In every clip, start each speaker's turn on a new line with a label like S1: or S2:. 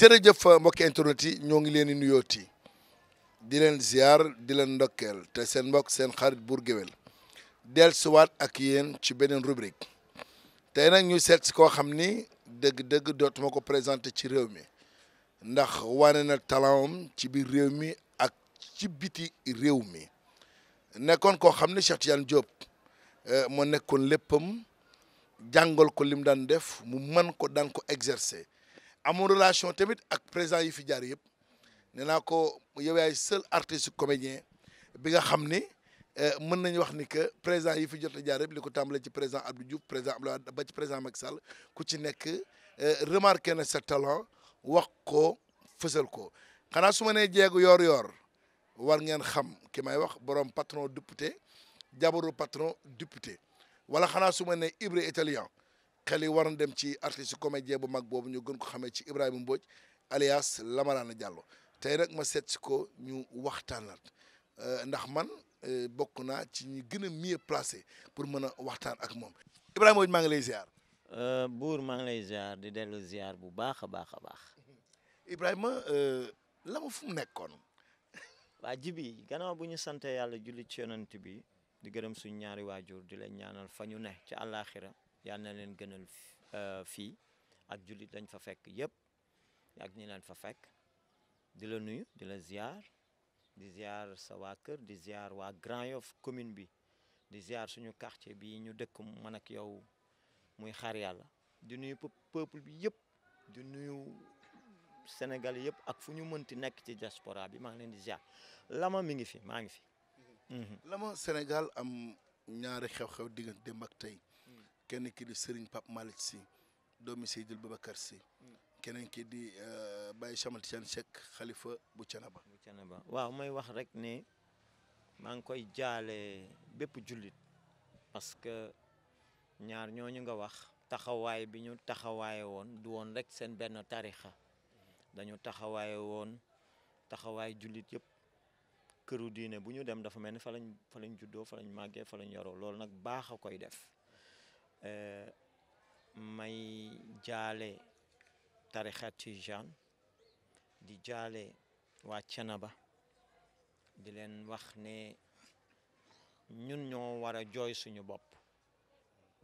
S1: jërëjëf uh, mbokki internet yi ñoo ngi leen di nuyooti di leen ziar di leen ndokkeel te seen mbok seen xarit Bour Gueweul del suwaat ak yéen ci beneen rubrique te nag ñu seet si koo xam ni dëgg-dëgg dootuma ko présenté ci réew mi ndax wane na talentam ci biir réew mi ak ci biti réew mi nekkoon koo xam ni Cheikh Tidiane Diop uh, moo nekkoon léppam jàngal ko lim daan def mu mën ko daan ko exercer amoon relation tamit ak président yi fi jaar yëpp nee naa ko yow yaay seul artiste comédien bi nga xam ni euh, mën nañu wax ni que président yi fi jot a jaar yëpp li ko tàmbalee ci président Abdou Diouf président Abdoulaye ba ci président Macky Sall ku ci nekk euh, remarqué na sa talent wax ko fësal ko xanaa su ma nee jeegu yor-yor war ngeen xam ki may wax borom patron député jabaru patron député wala xanaa su ma nee Ibra italien xel yi waroon dem ci artiste jee bu mag boobu ñu gën ko xamee ci Ibrahima Mbodj alias Lamarana Diallo tey rek ma seet si ko ñu waxtaan waxtaanaat euh, ndax man euh, bokk na ci ñu gën a mieux placé pour mën a waxtaan ak moom Ibrahima Mbodj maa ngi lay ziar.
S2: Euh, buur maa ngi lay ziar di dellu ziar bu baax a baax a baax.
S1: Ibrahima la fu mu nekkoon.
S2: waa ji bi gannaaw bu ñu sante yàlla julli ci yonent bi di gërëm suñu ñaari waajur di leen ñaanal fa ñu ne ci àllaaxira yal na leen gënal euh, fii ak jullit dañ fa fekk yëpp ak ñi leen fa fekk di la nuyu di la ziar di ziar sa waa kër di ziar waa Grand Yoff commune bi di ziar suñu quartier bi ñu dëkk man ak yow muy xar yàlla di nuyu peuple bi yëpp di nuyu Sénégal yëpp ak fu ñu mënti nekk ci diaspora bi maa ngi leen di ziar lama
S1: mi ngi fi maa ngi fi. Mhm. Mhm. lama Sénégal am ñaari xew-xew diggante démb ak tey. kenn ki di Serigne pap Malick si domi Seydil babakar si kenen ki di euh, Baye Chamal tian chek khalifa bu chanaba bu Canaba
S2: waaw may wax rek ne mang koy jale bepp julit parce que ñaar ñooñu nga wax taxaway bi ñu won, du won rek sen ben tarixa dañu taxawaaye won taxaway julit yep këru diine bu ñu dem dafa melni fa lañ fa lañ juddo fa lañ magge fa lañ yoro nak def Eh, may jaale tarixa Tijaan di jaale waa ba di leen wax ne ñun ñoo war a jooy suñu bopp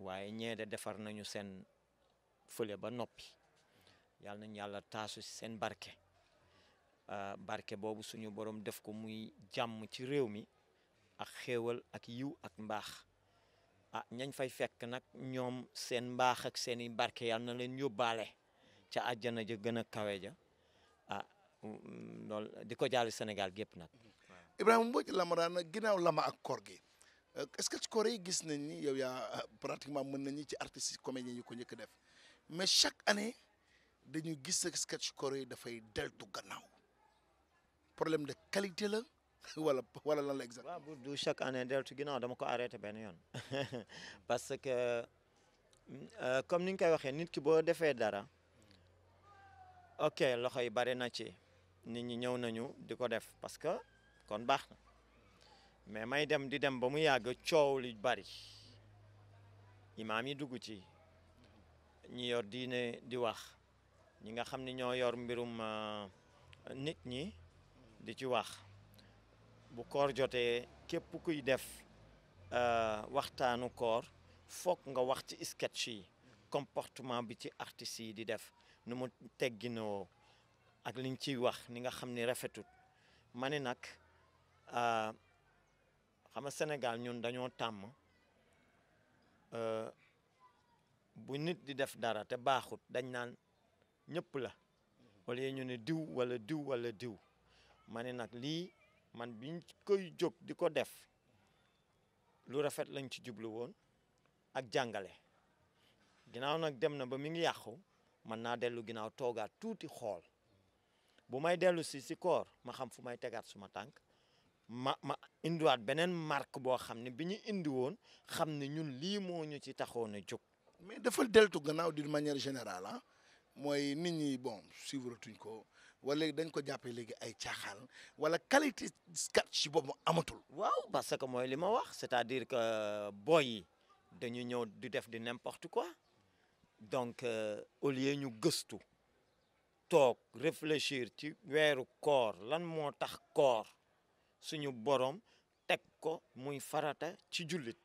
S2: waaye ñeede defar nañu seen fële ba noppi yàlla nañ yàlla taasu si seen barke eh, barke boobu suñu borom def ko muy jàmm ci réew mi ak xéewal ak yiw ak mbaax ah ñañ fay fekk nag ñoom seen mbaax ak seeni barke yàlla na leen yóbbaale ca àjjana ja gën a kawe ja ah mm, loolu di ko
S1: jaale Sénégal gépp nag. Ibrahima Mbodj Lamarana ginnaaw lama ak koor gi euh, est-ce que ci yi gis nañ ni yow yaa euh, pratiquement mën nañu ci artistes comédiens yi ko njëkk def mais chaque année dañuy gis ne sketch koor yi dafay deltu gannaaw
S2: problème de qualité la. wala wala lan la exact waaw bu du chaque année deltu ginnaaw dama ko arrêté benn yoon parce que euh, comme ni nga koy waxee nit ki boo defee dara ok loxo yi bari na ci nit ñi ñëw nañu di ko def parce que kon baax na mais may dem di dem ba mu yàgg coow li bari imaam yi dugg ci ñi yor diine di wax ñi nga xam ni ñoo yor mbirum euh, nit ñi di ci wax bu koor jotee képp kuy def euh, waxtaanu koor foog nga wax ci sketch yi comportement bi ci artistes yi di def nu mu tegginoo ak liñ ciy wax ni nga xam ni rafetut ma ne nag euh, xam nga Sénégal ñun dañoo tàmm euh, bu nit di def dara te baaxut dañ naan ñëpp la wala ñu ne diw wala diw wala diw ma ne nag lii man biñ koy jog di ko def lu rafet lañ ci djublu won ak jangalé ginaaw nag dem na ba mi ngi yaxu man na delu ginaaw toga tuuti xol bu may delu ci ci koor ma xam fu may tegat suma tank ma ma indiwaat benen marque bo xamni biñu indi won
S1: xamni ñun li moñu ci taxoon juk mais defal deltu gannaaw d'une manière générale hein moy nit ñi bon suivre tuñ ko. wala léegi dañ ko jàppee léegi ay caaxaan wala qualité sketch boobu amatul.
S2: waaw parce que mooy li ma wax c'est-à-dire que euh, boy yi dañu ñëw di def di n'importe quoi donc euh, au lieu ñu gëstu toog réfléchir ci weeru koor lan moo tax koor suñu borom teg ko muy farata ci jullit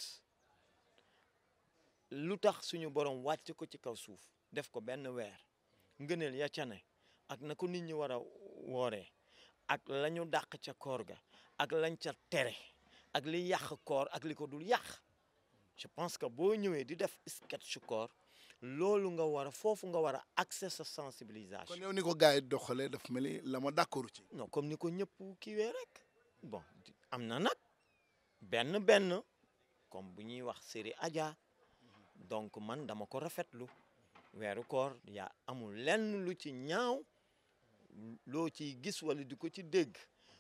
S2: lu suñu borom wàcc ko ci kaw suuf def ko benn weer ngëneel ya ca ak na ko nit ñi war a wooree ak la ñu dàq ca koor ga ak lañ ca tere ak li yàq koor ak li ko dul yàq je pense que boo ñëwee di def sketch koor loolu nga war a foofu nga war a accès sensibilisation. kon yow
S1: ni ko gars yi def daf la ma d'accord ci. non comme ni ko ñëpp kiiwee rek bon am na benn benn comme
S2: bu ñuy wax série Adja donc man dama ko rafetlu koor yaa amul lenn lu ñaaw. loo ciy gis wala di ko ci dégg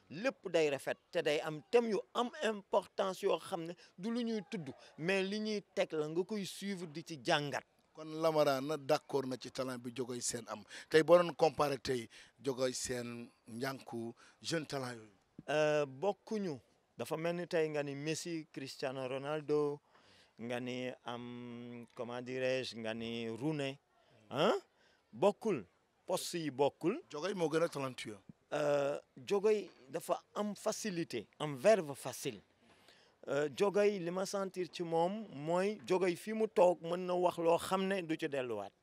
S2: lépp day rafet te day am thème yo am importance yoo xam ne du lu ñuy tudd
S1: mais li ñuy teg la nga koy suivre di ci jàngat. kon Lamarana d'accord na ci talent bi Diogoye Sène am tey boo doon comparé jogo Diogoye Sène njànku jeune talent yooyu. Euh, bokkuñu dafa mel ni tey nga ni Messi Cristiano Ronaldo
S2: nga ni am comment dirais-je nga ni Rooney ah bokkul. poste yi bokkul. Diogoye moo gën a talentueux. Euh, dafa am facilité. am verve facile. Diogoye euh, li ma sentir ci mom moy jogay fi mu tok mën na wax lo xamné ne du ci wat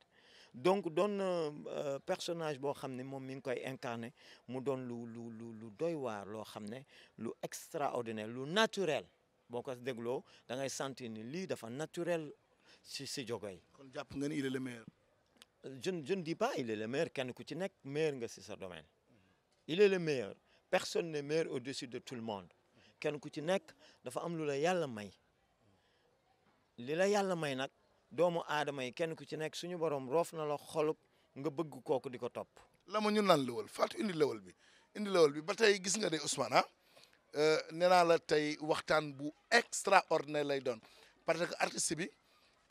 S2: donc don euh, personnage bo xamné mom mi ngi koy incarner mu don lu lu lu lu doy waar lo xamné lu extraordinaire lu naturel boo deglo dégloo da ngay sentir ni li dafa naturel ci si jogay kon japp nga il est le meilleur je, je, ne dis pas il est le meilleur. Kanukutinek, meilleur c'est ce domaine. Il est le meilleur. Personne n'est meilleur au-dessus de tout le monde. Kanukutinek, il faut que yalla may. Lila la yàlla may nak. doomu aadama yi kenn ku ci nekk suñu borom roof na la xolub
S1: nga bëgg kooku di ko topp. la ma ñu naan lawal Fatou indi lawal bi indi lawal bi ba tey gis nga de Ousmane ah euh, nee naa la tey waxtaan bu extraordinaire lay doon parce que artiste bi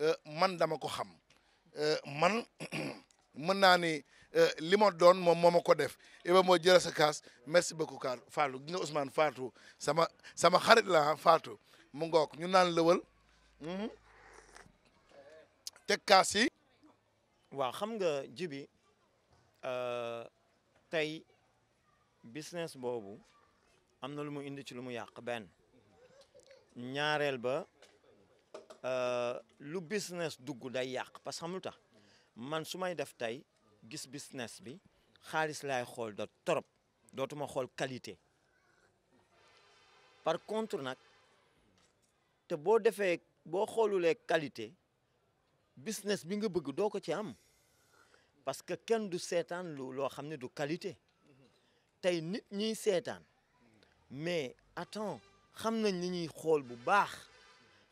S1: euh, man dama ko xam. Euh, man mën naa ni euh, li ma doon moom moo ma ko def Iba moo jëlee sa kaas merci beaucoup Ka Fatou gi nga Ousmane Fatou sama sama xarit la ah, faatu mu ngook ñu naan lëwal mhm. teg kaasi waa xam nga
S2: jibi euh, tey business boobu am na lu mu indi ci lu mu yàq benn ñaareel ba. Euh, Le business dugg day yak parce que xam man sumay def tay gis business bi khalis lay xol do trop dotuma xol qualité par contre nak, te bo defé bo xolulé qualité business bi nga bëgg do ko ci am parce que ken du seetaan lo, lo xamné du qualité tay nit ñi seetaan mais attends xamnañ ni ñi xol bu baax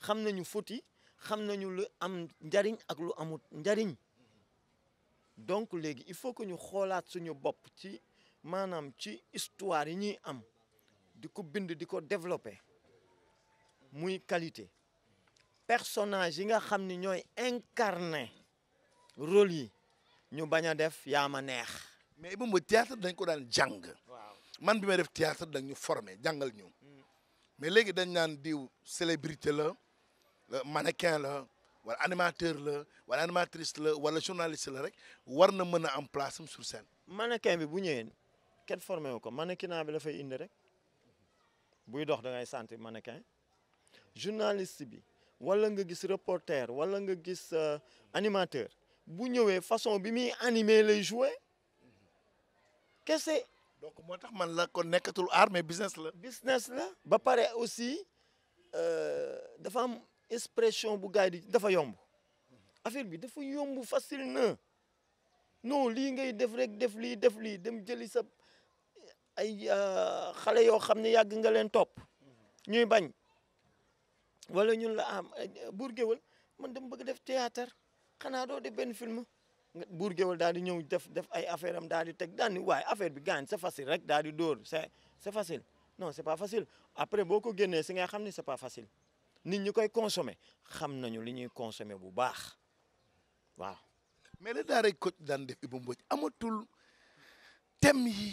S2: xam nañu foti xam nañu lu am njariñ ak lu amul njariñ donc léegi il faut que ñu xoolaat suñu bopp ci maanaam ci histoire yi ñuy am di ko bind di ko développer muy qualité personnage yi nga xam ni ñooy incarner rôle yi
S1: ñu bañ a def yaa ma neex. mais Iba Mbodj théâtre dañ ko daan jàng. man bi may def théâtre dañ ñu former jàngal ñu. Mm. mais léegi dañ naan diw célébrité la. le mannequin la wala animateur la wala animatrice la wala journaliste là rek war na mën am place sur scène. mannequin bi bu ñëwé kenn formé wu ko mannequinat bi la fay
S2: indi rek buy dox da ngay sentir mannequin journaliste bi wala nga gis reporter wala nga gis euh, animateur bu ñëwé façon bi muy animé lay qu'est-ce donc moo tax man la kon nekkatul art mais business la. business la ba paré aussi euh, dafa am expression bu gaay di dafa yomb affaire bi dafa yomb facile na non li ngay def rek def li def li dem jëli sa ay euh, xalé yo xam yag nga len top ñuy bañ wala ñun la am buur man dem bëgg def théâtre xana do di ben film buur géwal daal di ñew def def ay affaire am daal di tek daal ni affaire bi gaañ c'est facile rek daal di c'est c'est facile non c'est pas facile après boko guéné c'est si nga c'est pas facile nit ñi koy consommer xam nañu li ñuy consommer bu baax waaw. mais la daaray Kocc
S1: daan def Ibou Mbodj amatul thème yi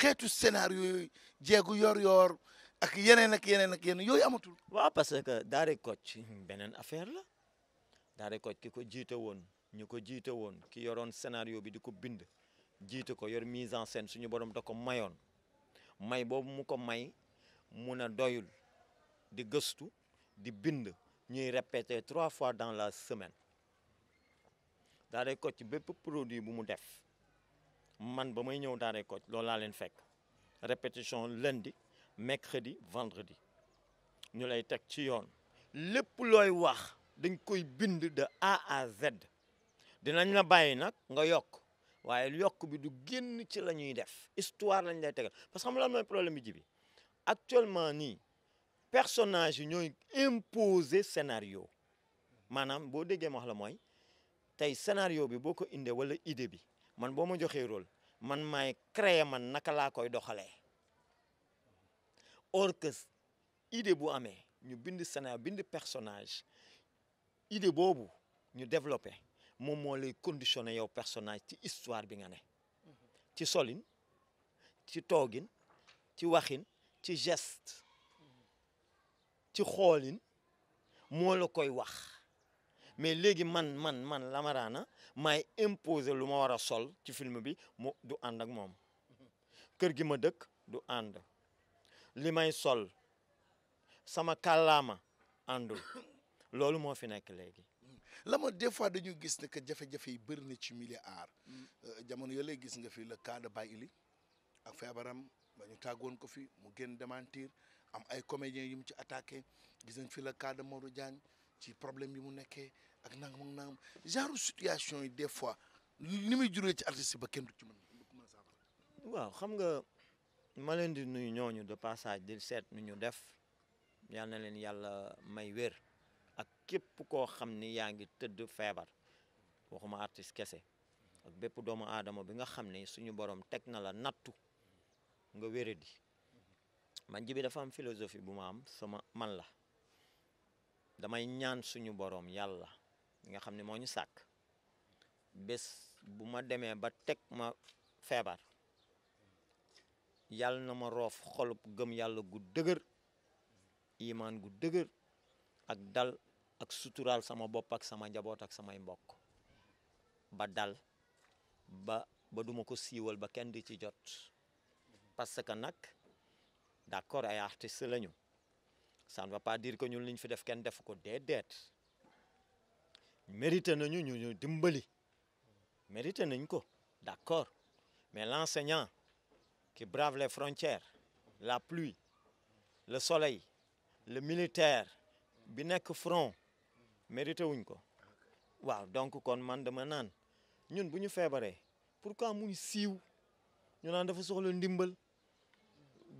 S1: xeetu scénario yooyu jéegu yor-yor ak yeneen ak yeneen ak yeneen yooyu amatul. waaw parce que daaray Kocc
S2: beneen affaire la daaray Kocc ki ko jiita woon ñu ko jiite woon ki yoroon scénario bi di ko bind jiite ko yor mise en scène suñu borom da ko mayoon may boobu mu ko may mun a doyul di gëstu. di bind ñuy répéter trois fois dans la semaine daaray coach bépp produit bu mu def man ba may ñëw daaray Kocc la laa leen fekk répétition lundi mercredi vendredi ñu lay teg ci yoon lépp loy wax dañ koy bind de A à Z dinañ la bàyyi nak nga yokk waaye yok bi du génn ci lañuy def histoire lañ lay tegal parce que xam la moy problème bi ji bi actuellement ni personnage ñoy imposé scénario manam bo déggé ma wax la mooy scénario bi boko indé wala idée bi man boma joxé rôle man may créer man naka la koy doxalé or que idée bu amé ñu bind scénario bind personnage idée bobu ñu développer moom mo lay conditionner yow personnage ci histoire bi nga né mhm. ci solin ci toogin ci waxin ci geste ci xoolin moo la koy wax mais léegi man man man Lamarana may imposer lu ma war a sol ci film bi mu du ànd ak moom kër gi ma dëkk du ànd li may sol sama kàllaama àndul
S1: loolu moo fi nekk léegi. Lama des fois dañu gis ne que jafe-jafe yi bëri na ci milieu art euh, jamono yële gis nga fi le cas de Baye ak feebaram. ba ñu tàggoon ko fi mu génn démentir am ay comédiens yu mu ci attaque gis nañ fi la cas de Modou ci problème yi mu nekkee ak nangam ak nangam genre situation yi des fois ni muy juree ci artiste ba kenn du ci mën waaw xam nga ma leen di
S2: nuyu ñooñu de passage di seet nu ñu def yal na leen yàlla may wér ak képp koo xam ni yaa ngi tëdd feebar waxuma artiste kese ak bépp doomu aadama bi nga xam ne suñu borom teg na la nattu nga wéradi man jibi dafa am philosophie bu ma am sama man la damay ñaan suñu borom yalla nga xamni moñu sak bes bu ma démé ba tek ma febar, yalla na ma roof xolub gem yalla gu dëgër iman gu dëgër ak dal ak sutural sama bop ak sama njabot ak sama mbokk ba dal ba ba duma ko siwal ba kenn di ci jot parce que d'accord ay artistes lañu ça ne veut pas dire que ñun liñ fi def ken def ko déedéet mérité nañu ñu dimbali mérité nañ ko d'accord mais l'enseignant qui brave les frontières la pluie le soleil le militaire bi nek front mérité wuñ ko waaw donc kon man dama nan ñun buñu fébaré pourquoi muy siiw ñu nan dafa soxla ndimbal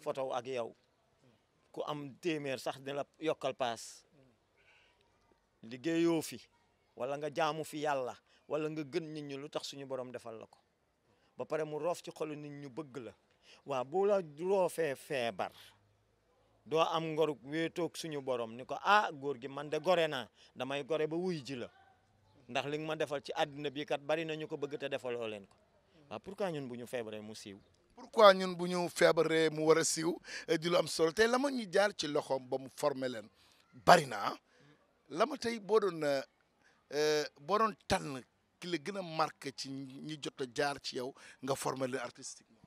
S2: foto ak yow ku am témèr sax dina yokal pass paas liggéeyoo fi wala nga jaamu fi yalla, wala nga gën nit ñi lu suñu borom defal lako ba paré mu roof ci xol nit ñu bëgg la wa bo la roofee fébar do am ngoruk wéetoog suñu borom niko ko ah góor gi man dé goré na damay goré ba wuy ji la ndax li nga ma defal ci aduna bi kat bari nañu ko bëgg defal lo len ko wa pourquoi ñun buñu fébaré mu siiw
S1: pourquoi ñun bu ñu feebaree mu war a siiw eh, di lu am solo te la ma ñu jaar ci loxoom ba mu former leen bari naa ah. la ma tey boo doon eh, eh, boo doon tànn ki la gën a marqué ci ñi jot jaar ci yow nga former leen artistiquement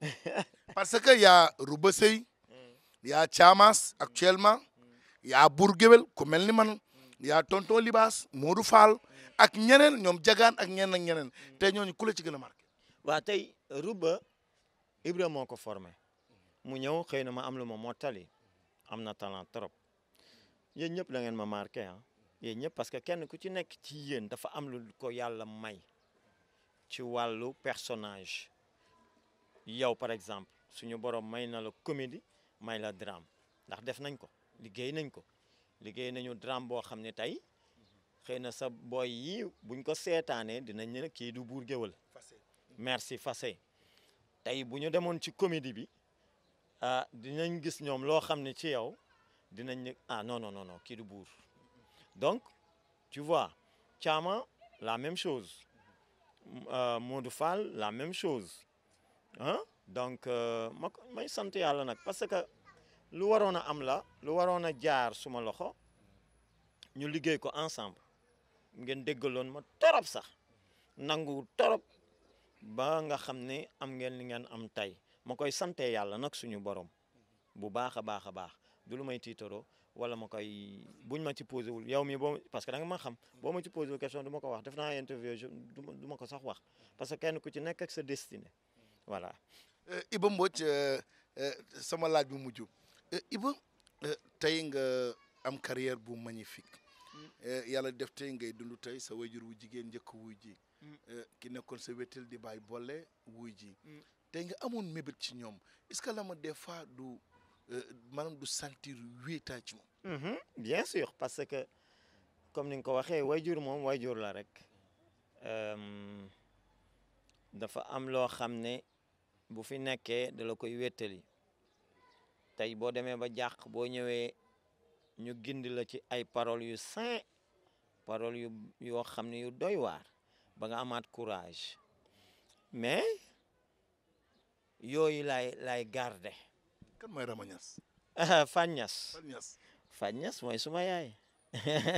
S1: parce que yaa rubasey Sey mm. y'a Thiamas actuellement mm. yaa Bour Guéwél ku mel ni man mm. y'a tonton Libaas Modou Fall ak ñeneen ñoom jagaan ak ñeneen ak ñeneen te ñooñu ku la ci gën a waa Ruba, Ibra moko
S2: formé mu ñew xeyna ma am lu ma amna am talent trop yeen ñep la ngeen ma marqué hein ah. yeen ñep parce que kenn ku ci nekk ci yeen dafa am lu ko yalla may ci walu personnage yow par exemple suñu borom may na la comédie may la drame ndax def nañ ko liggéey nañ ko liggéey nañu drame bo xamné tay xeyna sa boy yi buñ ko sétané dinañ ne ki du merci Fassé Tay buñu démone ci comédie bi ah dinañ gis ñom lo ci yow dinañ ah non non non kii du donc tu vois Chama la même chose euh, Modou Fall la même chose Hein? donc euh, ma may sant yàlla nag parce que lu warona am la lu warona jaar suma loxo ñu liggéey ko ensemble ngeen déggalon ma torop sax nangu torop ba nga xam ne am ngeen li ngeen am tey ma koy sante yàlla nag suñu borom bu baax a baax a baax du lu may tiitaroo wala ma koy buñ ma ci posé wul yow mi boo parce que da nga ma xam boo ma ci posé wul question du ma ko wax def naa interview du ma ko sax wax parce que kenn ku ci nekk ak sa destinée voilà. Euh, Iba Mbodj
S1: euh, euh, sama laaj bu mujj Iba tey nga am carrière bu magnifique mm. yàlla def tey ngay dund tey sa wajur wu jigéen njëkk wu ji. Euh, ki nekkoon sa wéttal di bàyyi boole wuy ji mm. tey nga amoon mébét ci ñoom est-ce que la ma fois du euh, maanaam du sentir wéetaay ci moom
S2: mm-hmm. bien sûr parce que comme ni nga ko waxee wayjur moom wayjur la rek euh, dafa am loo xam ne bu fi nekkee dala la koy wéttali tey boo demee ba jàq boo ñëwee ñu gindi la ci ay paroles yu sain paroles yu yoo xam ne yu doy waar banga nga amaat courage mais yooyu lay laay garder. kan mooy Rama Niass. Ah, mooy suma yaay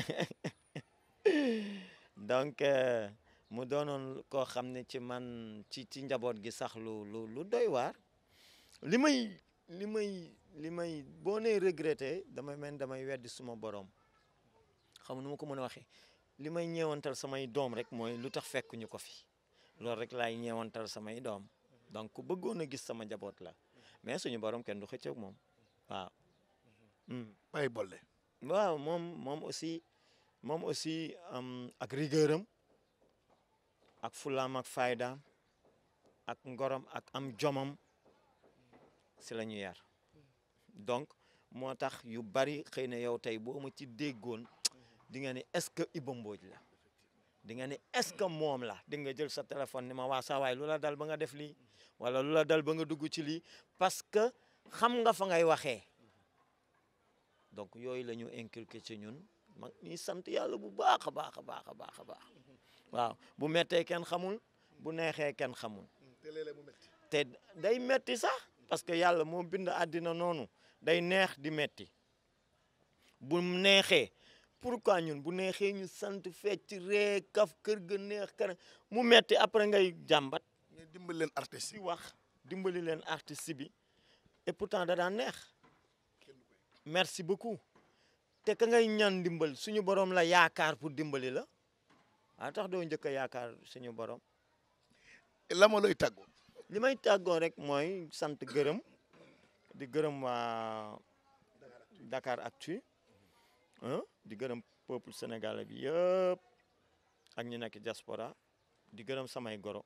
S2: donc euh, mu doonoon koo xam ne ci man ci ci njaboot gi sax lu lu lu doy waar li may li may li may boo nee regretté damay mel damay weddi suma borom xam nu ma ko mën a waxee. li may ñeewantal samay doom rek mooy lu tax fekkuñu ñu ko fi loolu rek laay ñeewantal samay doom donc ku bëggoon a gis sama njaboot la mais suñu borom kenn du xëcc moom waaw. Baye hmm. moom moom aussi moom aussi ak rigueur am ak fulaam ak fayda ak ngorom ak am jomam si la ñu yar donc moo tax yu bari xëy na yow tey boo ma ci déggoon. di nga ni est-ce que Iba Mbodj la di nga ni est-ce que moom la di nga jël sa téléphone ni ma waa saa waay lu la dal ba nga def lii wala lu la dal ba nga dugg ci lii parce que xam nga fa ngay waxee donc yooyu lañu ñu ci ñun ma ñuy sant yàlla bu baax a baax a baax a baax a baax waaw bu mettee kenn xamul bu neexee kenn xamul te day metti sax parce que yàlla moo bind àddina noonu day neex di metti bu neexee pourquoi ñun bu nexé ñu sante fecc ré kaf kër ga neex kara mu metti après ngay jambat mais dimbal leen artiste wax dimbali leen artiste bi et pourtant da da neex merci beaucoup té ka ngay ñaan dimbal suñu borom la yaakar pour dimbali la ah, a tax do ñëk yaakar suñu borom. la mo lay tàggoo. li rek moy sante gërem di gërem wa Dakar Actu hein di gërëm peuple sénégalais bi yëpp ñu nekk diaspora di gërëm samay goro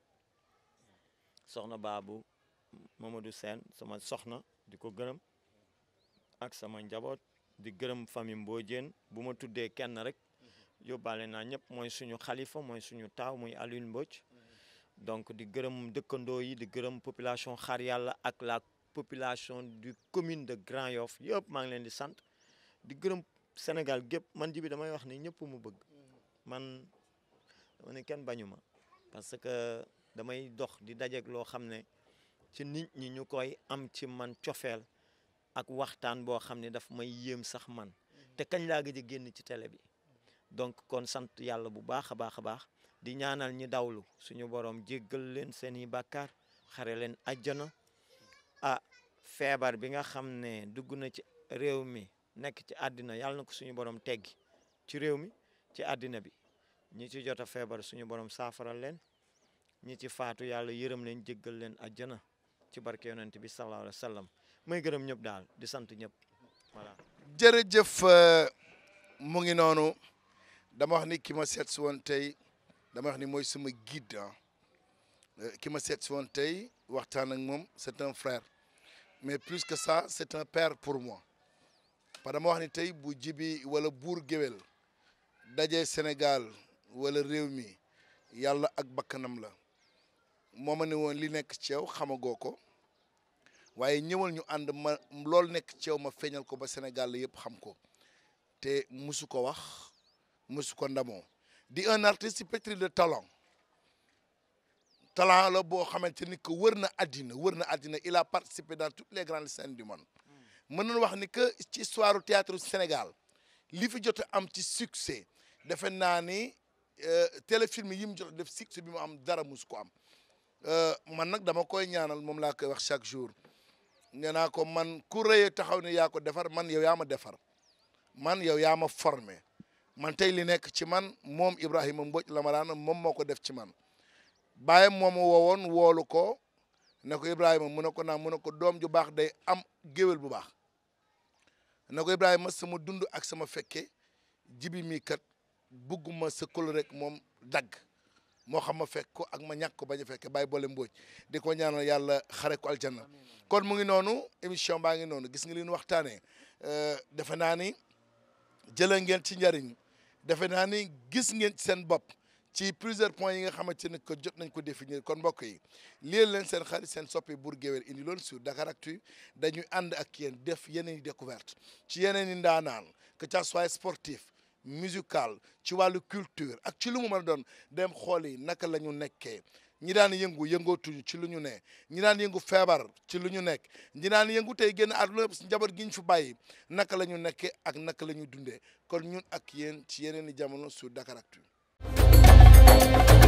S2: soxna baabu Mamadou sama soxna di ko gërëm ak sama njaboot di gërëm famille Mbodiène bu ma tuddee kenn rek yóbbaale naa ñëpp mooy suñu xalifa mooy suñu taaw muy Alioune Mbodj donc di gërëm dëkkandoo yi di gërëm population xaar yàlla ak la population du commune de Grand Yoff yëpp maa ngi leen di sant di gërëm senegal gep man jibi damay wax ni ñepp mu bëgg man dama ne kenn bañuma parce que damay dox di dajeeg ak lo ne ci nit ñi ñukoy am ci man cofeel ak waxtaan bo xam daf may yëm sax man te kañ la gëj a génn ci télé bi donc kon sant yalla bu baaxa baaxa baax di ñaanal ñi dawlu suñu borom jéggal leen seen yi bakkar xaré leen aljana a ah, feebar bi nga xam duguna ci réew mi nek ci adina yàlla nako suñu borom teggi ci réew mi ci adina bi ñi ci jotta febar suñu borom safaral len ñi ci faatu yalla yërëm len jéggal len aljana ci barké yonent bi sallallahu
S1: alayhi wasallam may gëreem ñëpp daal di sant
S2: wala voilà.
S1: jëf euh, mu ngi nonu dama wax ni ki ma seet si dama wax ni moy suma guide ah. euh, ki ma seet si waxtaan ak mom c'est un frère mais plus que ça c'est un père pour moi. parce que dama wax ni tey bu jibi wala buur géwél daje Sénégal walla réew mi yàlla ak bakkanam la moo ma ne woon li nekk ceew xamagoo ko waaye ñëwal ñu ànd ma loolu nekk ceew ma feeñal ko ba Sénégal la yëpp xam ko te musu ko wax musu ko ndamoo di un artiste pétri de talent talent la boo xamante ni que wër na àddina wër na addina il a participé dans toutes les grandes scènes du monde mën nañu wax ni que ci histoire théâtre Sénégal li fi jot am ci succès defe naa ni euh, téléfilm yi mu jot def succès bi mu am dara mus ko am euh, man nag dama koy ñaanal moom laa koy wax chaque jour nee naa ko man ku rëyee taxaw ne yaa ko defar man yow yaa ma defar man yow yaa ma forme man tey li nekk ci man moom Ibrahima Mbodj Lamarana moom moo ko def ci man bàyyam moom woowoon woolu ko ne ko ibrahim mu ne ko naa mu ne ko doom ju baax day am géwél bu baax na ko Ibrahima sama dund ak sama fekke jibi mii kat bugguma sa kol rek moom dagg moo xam ma fekk ko ak ma ñàkk ko bañ a fekke bay bole mbooj di ko ñaan yàlla xare ko aljanna kon mu ngi noonu émission baa ngi noonu gis nga li ñu waxtaanee euh, defe naa ni jëlee ngeen ci njariñ defe naa ni gis ngeen ci seen bopp ci plusieurs points yi nga xamante ne que jot nañ ko définir kon mbokk yi lii leen seen xarit seen soppi Bour Gueweul indi loon sur Dakaractu dañuy ànd ak yéen def yeneen i découverte ci yeneen i ndaanaan que ça soit sportif musical ci wàllu culture ak ci lu mu mën a doon dem xool yi naka lañu ñu nekkee ñi daan yëngu yëngootuñu ci lu ñu ne ñi daan yëngu feebar ci lu ñu nekk ñi daan yëngu tey génn àdduna njaboot gi ñu fi bay naka la ñu nekkee ak naka la ñuy dundee kon ñun ak yéen ci yeneen i jamono sur Dakaractu Thank you.